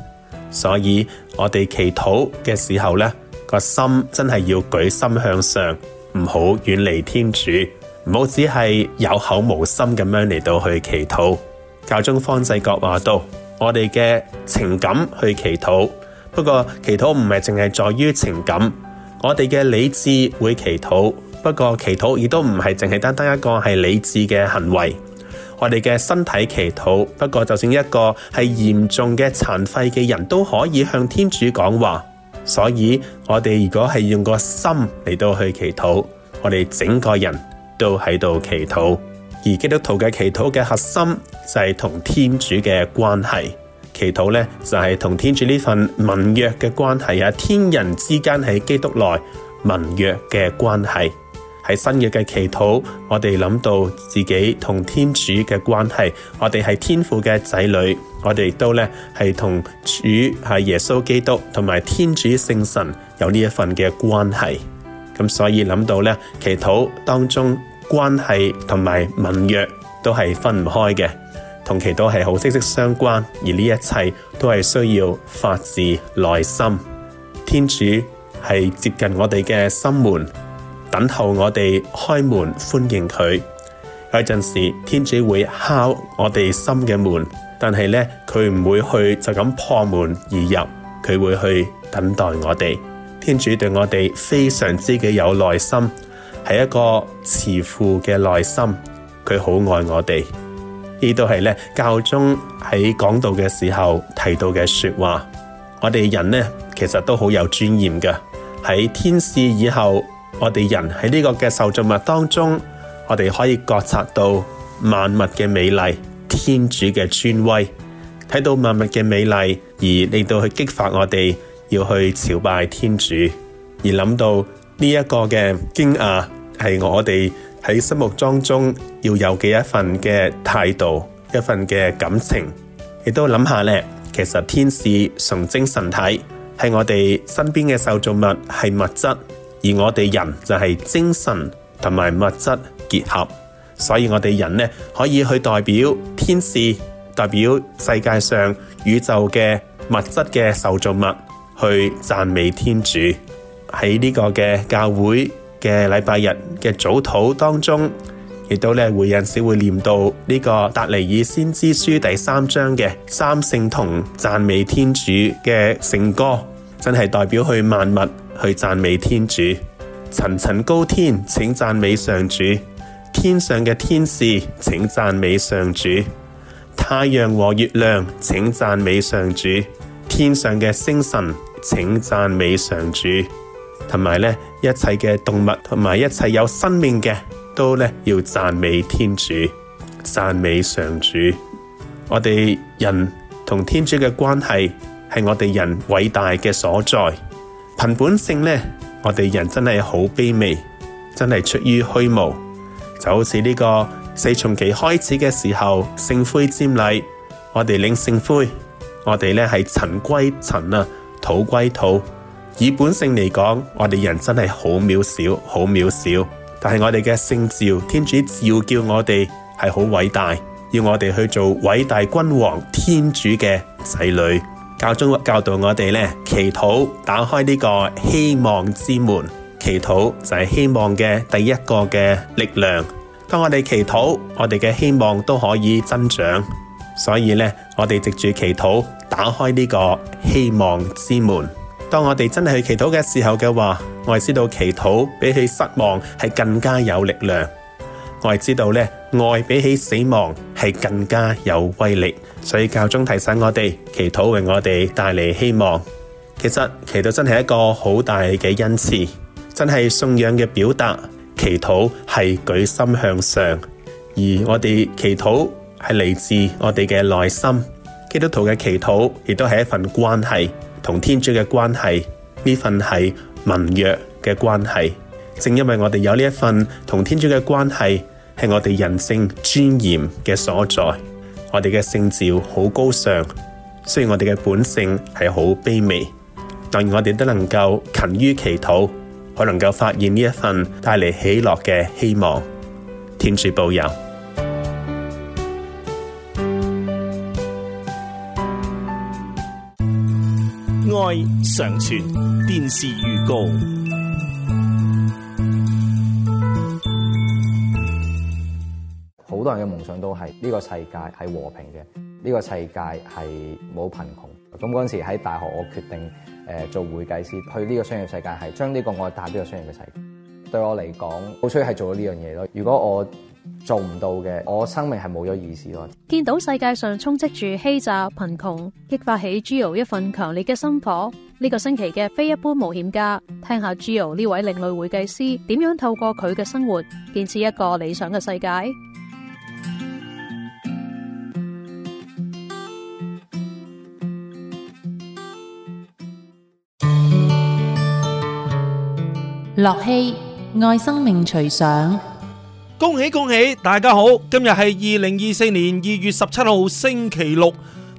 所以我哋祈禱嘅時候咧，個心真係要舉心向上，唔好遠離天主，唔好只係有口無心咁樣嚟到去祈禱。教宗方濟各話到。我哋嘅情感去祈禱，不過祈禱唔係淨係在於情感。我哋嘅理智會祈禱，不過祈禱亦都唔係淨係單單一個係理智嘅行為。我哋嘅身體祈禱，不過就算一個係嚴重嘅殘廢嘅人都可以向天主講話。所以我哋如果係用個心嚟到去祈禱，我哋整個人都喺度祈禱。而基督徒嘅祈禱嘅核心就係、是、同天主嘅關係，祈禱咧就係、是、同天主呢份盟約嘅關係啊，天人之間喺基督內盟約嘅關係，喺新約嘅祈禱，我哋諗到自己同天主嘅關係，我哋係天父嘅仔女，我哋亦都咧係同主係耶穌基督同埋天主聖神有呢一份嘅關係，咁所以諗到咧祈禱當中。關係同埋盟約都係分唔開嘅，同其都係好息息相關，而呢一切都係需要發自內心。天主係接近我哋嘅心門，等候我哋開門歡迎佢。有陣時，天主會敲我哋心嘅門，但係呢，佢唔會去就咁破門而入，佢會去等待我哋。天主對我哋非常之嘅有耐心，係一個慈父嘅內心，佢好愛我哋。呢度係教宗喺講道嘅時候提到嘅說話。我哋人呢，其實都好有尊嚴㗎。喺天使以後，我哋人喺呢個嘅受造物當中，我哋可以覺察到萬物嘅美麗，天主嘅尊威。睇到萬物嘅美麗，而令到去激發我哋要去朝拜天主，而諗到。呢一個嘅驚訝係我哋喺心目當中要有嘅一份嘅態度，一份嘅感情。亦都諗下咧，其實天使純精神體係我哋身邊嘅受造物係物質，而我哋人就係精神同埋物質結合，所以我哋人咧可以去代表天使，代表世界上宇宙嘅物質嘅受造物去讚美天主。喺呢個嘅教會嘅禮拜日嘅早禱當中，亦都你係會引時會念到呢個達尼爾先知書第三章嘅三聖童讚美天主嘅聖歌，真係代表去萬物去讚美天主。層層高天請讚美上主，天上嘅天使請讚美上主，太陽和月亮請讚美上主，天上嘅星辰請讚美上主。同埋咧，一切嘅動物同埋一切有生命嘅，都咧要讚美天主，讚美上主。我哋人同天主嘅關係係我哋人偉大嘅所在。憑本性咧，我哋人真係好卑微，真係出於虛無。就好似呢個四旬期開始嘅時候，聖灰瞻禮，我哋領聖灰，我哋咧係塵歸塵啊，土歸土。以本性嚟講，我哋人真係好渺小，好渺小。但係我哋嘅聖召，天主召叫我哋係好偉大，要我哋去做偉大君王、天主嘅仔女。教宗教導我哋呢，祈禱打開呢個希望之門。祈禱就係希望嘅第一個嘅力量。當我哋祈禱，我哋嘅希望都可以增長。所以呢，我哋藉住祈禱打開呢個希望之門。當我哋真係去祈禱嘅時候嘅話，我係知道祈禱比起失望係更加有力量；我係知道咧愛比起死亡係更加有威力，所以教宗提醒我哋，祈禱為我哋帶嚟希望。其實祈禱真係一個好大嘅恩賜，真係信仰嘅表達。祈禱係舉心向上，而我哋祈禱係嚟自我哋嘅內心。基督徒嘅祈禱亦都係一份關係。同天主嘅關係，呢份係盟約嘅關係。正因為我哋有呢一份同天主嘅關係，係我哋人性尊嚴嘅所在。我哋嘅聖召好高尚，雖然我哋嘅本性係好卑微，但我哋都能夠勤於祈禱，我能夠發現呢一份帶嚟喜樂嘅希望。天主保佑。常傳電視預告。好多人嘅夢想都係呢、這個世界係和平嘅，呢、這個世界係冇貧窮。咁嗰陣時喺大學，我決定誒、呃、做會計師，去呢個商業世界，係將呢個我帶呢、這個商業嘅世界。對我嚟講，好彩係做咗呢樣嘢咯。如果我做唔到嘅，我生命係冇咗意思咯。見到世界上充斥住欺詐、貧窮，激發起 Gio 一份強烈嘅心火。呢、這個星期嘅非一般冒險家，聽下 Gio 呢位另類會計師點樣透過佢嘅生活，建設一個理想嘅世界。駱曦愛生命隨，隨想。恭喜恭喜，大家好！今日係二零二四年二月十七號星期六，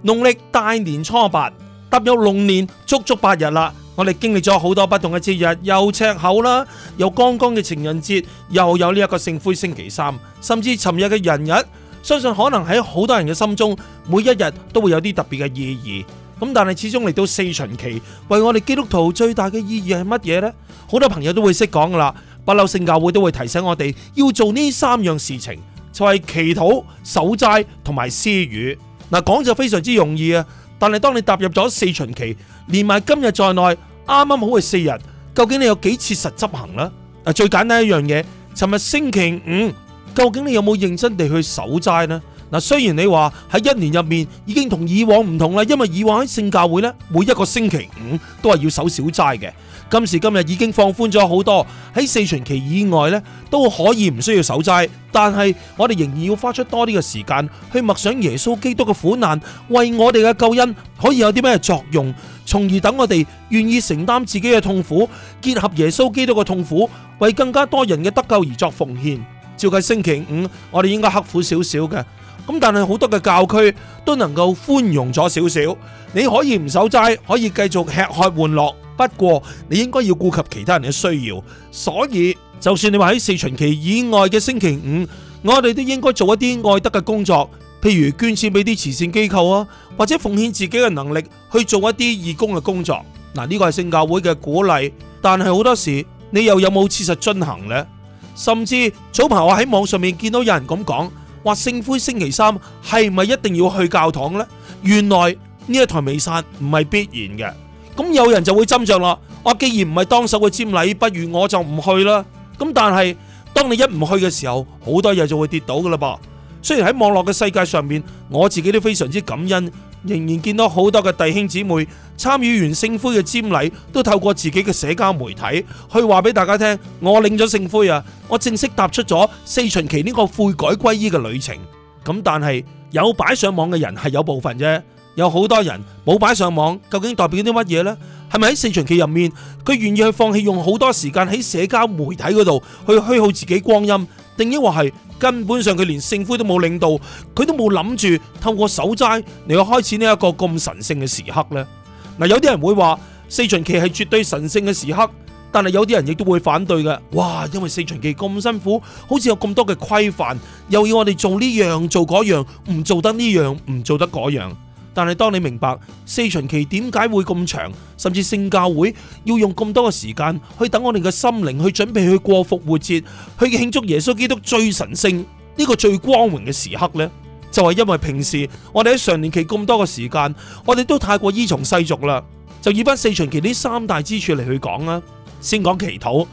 農曆大年初八，踏入龍年足足八日啦。我哋經歷咗好多不同嘅節日，又赤口啦，有剛剛嘅情人節，又有呢一個聖灰星期三，甚至尋日嘅人日。相信可能喺好多人嘅心中，每一日都會有啲特別嘅意義。咁但係始終嚟到四旬期，為我哋基督徒最大嘅意義係乜嘢呢？好多朋友都會識講噶啦。八樓聖教會都會提醒我哋要做呢三樣事情，就係、是、祈禱、守齋同埋施予。嗱，講就非常之容易啊，但係當你踏入咗四旬期，連埋今日在內，啱啱好係四日，究竟你有幾切實執行呢？嗱，最簡單一樣嘢，尋日星期五，究竟你有冇認真地去守齋呢？嗱，雖然你話喺一年入面已經同以往唔同啦，因為以往喺聖教會呢，每一個星期五都係要守小齋嘅。今時今日已經放寬咗好多，喺四旬期以外咧都可以唔需要守齋，但係我哋仍然要花出多啲嘅時間去默想耶穌基督嘅苦難，為我哋嘅救恩可以有啲咩作用，從而等我哋願意承擔自己嘅痛苦，結合耶穌基督嘅痛苦，為更加多人嘅得救而作奉獻。照計星期五我哋應該刻苦少少嘅，咁但係好多嘅教區都能夠寬容咗少少，你可以唔守齋，可以繼續吃喝玩樂。不過你應該要顧及其他人嘅需要，所以就算你話喺四旬期以外嘅星期五，我哋都應該做一啲愛德嘅工作，譬如捐錢俾啲慈善機構啊，或者奉獻自己嘅能力去做一啲義工嘅工作。嗱，呢個係聖教會嘅鼓勵，但係好多時你又有冇切實進行呢？甚至早排我喺網上面見到有人咁講，話聖灰星期三係咪一定要去教堂呢？原來呢一台彌撒唔係必然嘅。咁有人就會斟酌啦。我、啊、既然唔係當守嘅瞻禮，不如我就唔去啦。咁但係當你一唔去嘅時候，好多嘢就會跌到㗎啦噃。雖然喺網絡嘅世界上面，我自己都非常之感恩，仍然見到好多嘅弟兄姊妹參與完聖灰嘅瞻禮，都透過自己嘅社交媒體去話俾大家聽，我領咗聖灰啊，我正式踏出咗四旬期呢個悔改歸依嘅旅程。咁但係有擺上網嘅人係有部分啫。有好多人冇擺上網，究竟代表啲乜嘢呢？係咪喺四旬期入面，佢願意去放棄用好多時間喺社交媒體嗰度去虛耗自己光陰？定抑或係根本上佢連聖灰都冇領到，佢都冇諗住透過守齋嚟去開始呢一個咁神聖嘅時刻呢？嗱，有啲人會話四旬期係絕對神聖嘅時刻，但係有啲人亦都會反對嘅。哇，因為四旬期咁辛苦，好似有咁多嘅規範，又要我哋做呢樣做嗰樣，唔做得呢樣，唔做得嗰樣。但係當你明白四旬期點解會咁長，甚至聖教會要用咁多嘅時間去等我哋嘅心靈去準備去過復活節，去慶祝耶穌基督最神聖呢、呢個最光榮嘅時刻呢，就係、是、因為平時我哋喺常年期咁多嘅時間，我哋都太過依從世俗啦。就以返四旬期呢三大支柱嚟去講啊，先講祈禱，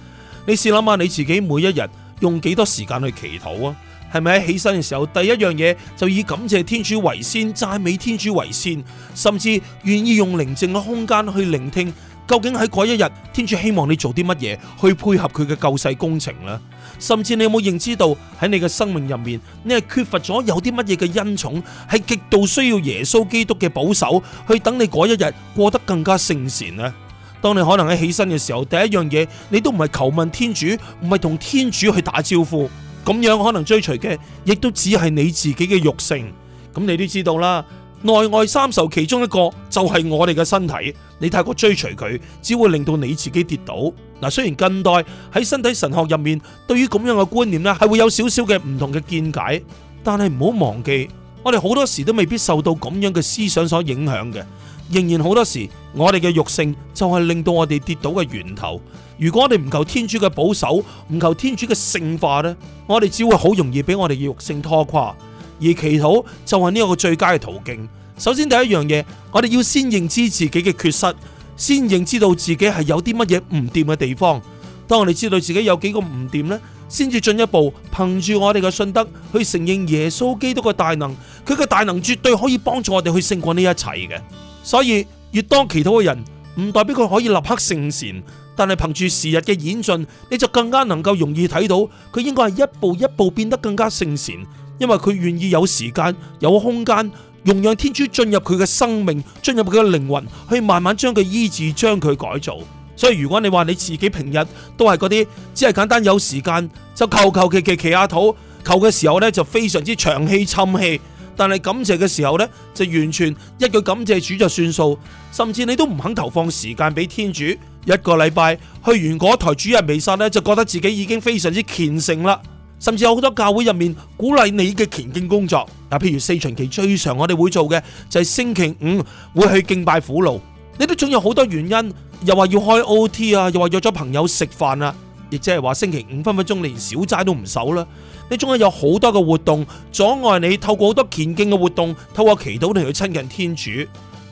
你試諗下你自己每一日用幾多時間去祈禱啊？係咪喺起身嘅時候，第一樣嘢就以感謝天主為先，讚美天主為先，甚至願意用寧靜嘅空間去聆聽，究竟喺嗰一日天主希望你做啲乜嘢，去配合佢嘅救世工程咧？甚至你有冇認知到喺你嘅生命入面，你係缺乏咗有啲乜嘢嘅恩寵，係極度需要耶穌基督嘅保守，去等你嗰一日過得更加聖善咧？當你可能喺起身嘅時候，第一樣嘢你都唔係求問天主，唔係同天主去打招呼。咁樣可能追隨嘅，亦都只係你自己嘅肉性。咁你都知道啦，內外三仇其中一個就係我哋嘅身體。你太過追隨佢，只會令到你自己跌倒。嗱，雖然近代喺身體神學入面，對於咁樣嘅觀念咧，係會有少少嘅唔同嘅見解，但係唔好忘記，我哋好多時都未必受到咁樣嘅思想所影響嘅。仍然好多時，我哋嘅肉性就係令到我哋跌倒嘅源頭。如果我哋唔求天主嘅保守，唔求天主嘅聖化呢，我哋只會好容易俾我哋嘅肉性拖垮。而祈禱就係呢一個最佳嘅途徑。首先第一樣嘢，我哋要先認知自己嘅缺失，先認知到自己係有啲乜嘢唔掂嘅地方。當我哋知道自己有幾個唔掂呢，先至進一步憑住我哋嘅信德去承認耶穌基督嘅大能。佢嘅大能絕對可以幫助我哋去勝過呢一切嘅。所以越多祈禱嘅人，唔代表佢可以立刻聖善，但係憑住時日嘅演進，你就更加能夠容易睇到佢應該係一步一步變得更加聖善，因為佢願意有時間、有空間，容讓天主進入佢嘅生命，進入佢嘅靈魂，去慢慢將佢醫治、將佢改造。所以如果你話你自己平日都係嗰啲，只係簡單有時間就求求其其祈下禱，求嘅時候呢，就扣扣非常之長氣、沉氣。但係感謝嘅時候呢，就完全一句感謝主就算數，甚至你都唔肯投放時間俾天主。一個禮拜去完嗰台主日彌撒呢，就覺得自己已經非常之虔誠啦。甚至有好多教會入面鼓勵你嘅虔敬工作，也譬如四旬期最常，我哋會做嘅就係、是、星期五會去敬拜苦路。你都總有好多原因，又話要開 OT 啊，又話約咗朋友食飯啊，亦即係話星期五分分鐘你連小齋都唔守啦。你仲係有好多嘅活動阻礙你透過好多前進嘅活動，透過祈禱嚟去親近天主。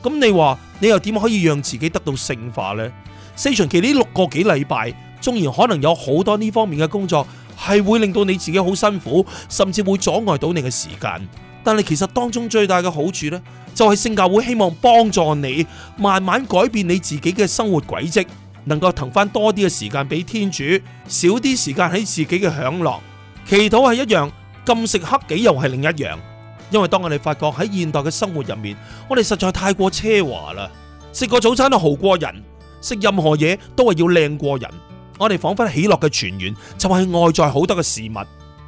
咁你話你又點可以讓自己得到聖化呢？四旬期呢六個幾禮拜，縱然可能有好多呢方面嘅工作，係會令到你自己好辛苦，甚至會阻礙到你嘅時間。但係其實當中最大嘅好處呢，就係聖教會希望幫助你慢慢改變你自己嘅生活軌跡，能夠騰翻多啲嘅時間俾天主，少啲時間喺自己嘅享樂。祈禱係一樣，禁食克己又係另一樣。因為當我哋發覺喺現代嘅生活入面，我哋實在太過奢華啦。食個早餐都豪過人，食任何嘢都係要靚過人。我哋仿佛喜樂嘅泉源就係、是、外在好多嘅事物。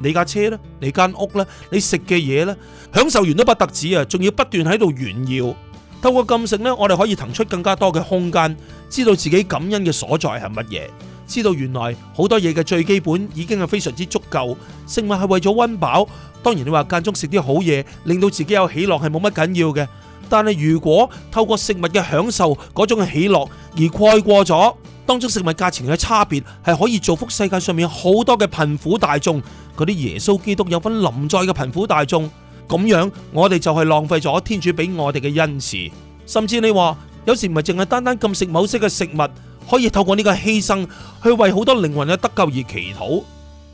你架車咧，你間屋咧，你食嘅嘢咧，享受完都不得止啊！仲要不斷喺度炫耀。透過禁食呢，我哋可以騰出更加多嘅空間，知道自己感恩嘅所在係乜嘢。知道原來好多嘢嘅最基本已經係非常之足夠，食物係為咗溫飽。當然你話間中食啲好嘢，令到自己有喜樂係冇乜緊要嘅。但係如果透過食物嘅享受嗰種嘅喜樂而蓋過咗，當中食物價錢嘅差別係可以造福世界上面好多嘅貧苦大眾，嗰啲耶穌基督有份臨在嘅貧苦大眾，咁樣我哋就係浪費咗天主俾我哋嘅恩賜。甚至你話有時唔係淨係單單咁食某些嘅食物。可以透過呢個犧牲去為好多靈魂嘅得救而祈禱。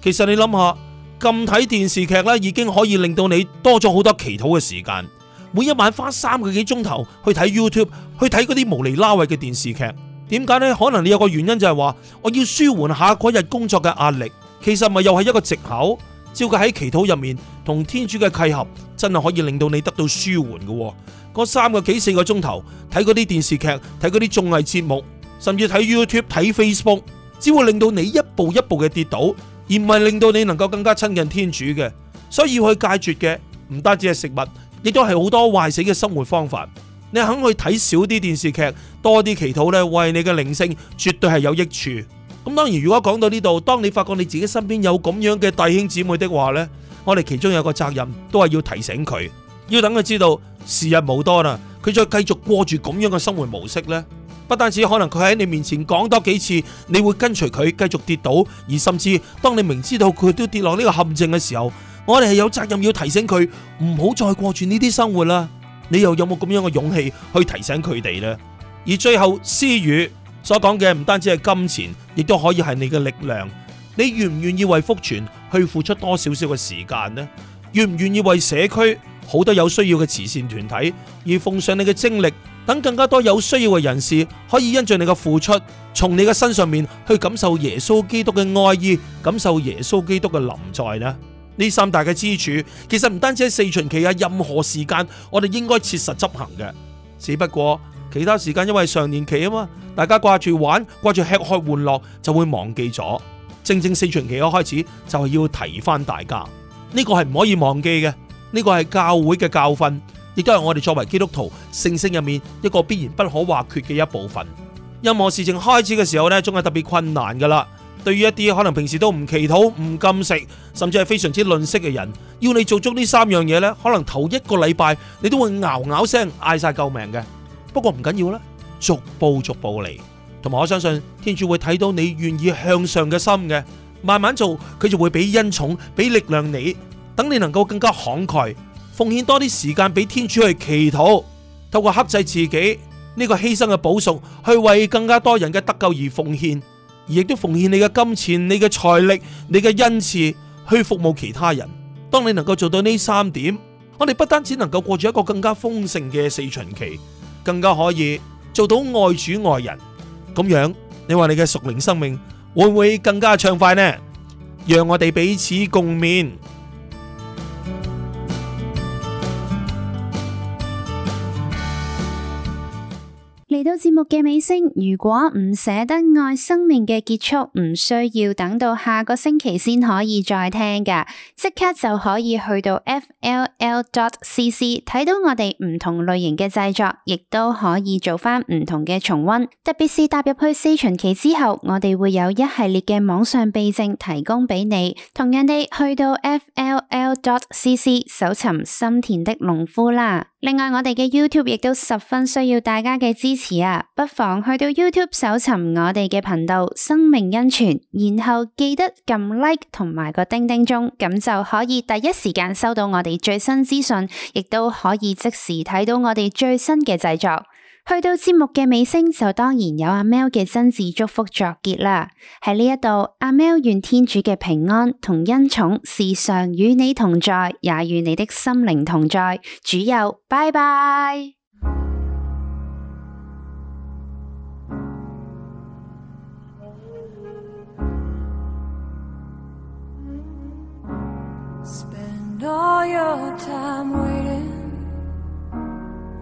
其實你諗下咁睇電視劇咧，已經可以令到你多咗好多祈禱嘅時間。每一晚花三個幾鐘頭去睇 YouTube，去睇嗰啲無厘拉位嘅電視劇，點解呢？可能你有個原因就係話我要舒緩下嗰日工作嘅壓力。其實咪又係一個借口。照計喺祈禱入面同天主嘅契合，真係可以令到你得到舒緩嘅。嗰三個幾四個鐘頭睇嗰啲電視劇，睇嗰啲綜藝節目。甚至睇 YouTube、睇 Facebook，只會令到你一步一步嘅跌倒，而唔係令到你能夠更加親近天主嘅。所以要去戒絕嘅，唔單止係食物，亦都係好多壞死嘅生活方法。你肯去睇少啲電視劇，多啲祈禱呢，為你嘅靈性絕對係有益處。咁當然，如果講到呢度，當你發覺你自己身邊有咁樣嘅弟兄姊妹的話呢，我哋其中有個責任，都係要提醒佢，要等佢知道時日無多啦，佢再繼續過住咁樣嘅生活模式呢。不單止可能佢喺你面前講多幾次，你會跟隨佢繼續跌倒，而甚至當你明知道佢都跌落呢個陷阱嘅時候，我哋係有責任要提醒佢唔好再過住呢啲生活啦。你又有冇咁樣嘅勇氣去提醒佢哋呢？而最後私語所講嘅唔單止係金錢，亦都可以係你嘅力量。你願唔願意為福傳去付出多少少嘅時間呢？願唔願意為社區好多有需要嘅慈善團體而奉上你嘅精力？等更加多有需要嘅人士可以因住你嘅付出，從你嘅身上面去感受耶穌基督嘅愛意，感受耶穌基督嘅臨在呢。呢三大嘅支柱，其實唔單止喺四旬期啊，任何時間我哋應該切實執行嘅。只不過其他時間因為上年期啊嘛，大家掛住玩，掛住吃喝玩樂，就會忘記咗。正正四旬期一開始就係要提翻大家，呢個係唔可以忘記嘅，呢個係教會嘅教訓。亦都係我哋作為基督徒聖性入面一個必然不可或缺嘅一部分。任何事情開始嘅時候呢，總係特別困難噶啦。對於一啲可能平時都唔祈禱、唔禁食，甚至係非常之吝嗇嘅人，要你做足呢三樣嘢呢，可能頭一個禮拜你都會嗷嗷聲嗌晒救命嘅。不過唔緊要啦，逐步逐步嚟，同埋我相信天主會睇到你願意向上嘅心嘅，慢慢做，佢就會俾恩寵、俾力量你，等你能夠更加慷慨。奉獻多啲時間俾天主去祈禱，透過克制自己呢個犧牲嘅補贖，去為更加多人嘅得救而奉獻，而亦都奉獻你嘅金錢、你嘅財力、你嘅恩賜去服務其他人。當你能夠做到呢三點，我哋不單只能夠過住一個更加豐盛嘅四旬期，更加可以做到愛主愛人。咁樣，你話你嘅屬靈生命會唔會更加暢快呢？讓我哋彼此共勉。嚟到節目嘅尾聲，如果唔捨得愛生命嘅結束，唔需要等到下個星期先可以再聽㗎，即刻就可以去到 fll.cc 睇到我哋唔同類型嘅製作，亦都可以做返唔同嘅重溫。特別是踏入去四旬期之後，我哋會有一系列嘅網上避靜提供俾你。同樣地去到 fll.cc 搜尋心田的農夫啦。另外，我哋嘅 YouTube 亦都十分需要大家嘅支持啊！不妨去到 YouTube 搜尋我哋嘅頻道《生命恩泉》，然後記得撳 Like 同埋個叮叮鐘，咁就可以第一時間收到我哋最新資訊，亦都可以即時睇到我哋最新嘅製作。去到節目嘅尾聲，就當然有阿 Mel 嘅真摯祝福作結啦。喺呢一度，阿 Mel 願天主嘅平安同恩寵時常與你同在，也與你的心靈同在。主佑，拜拜。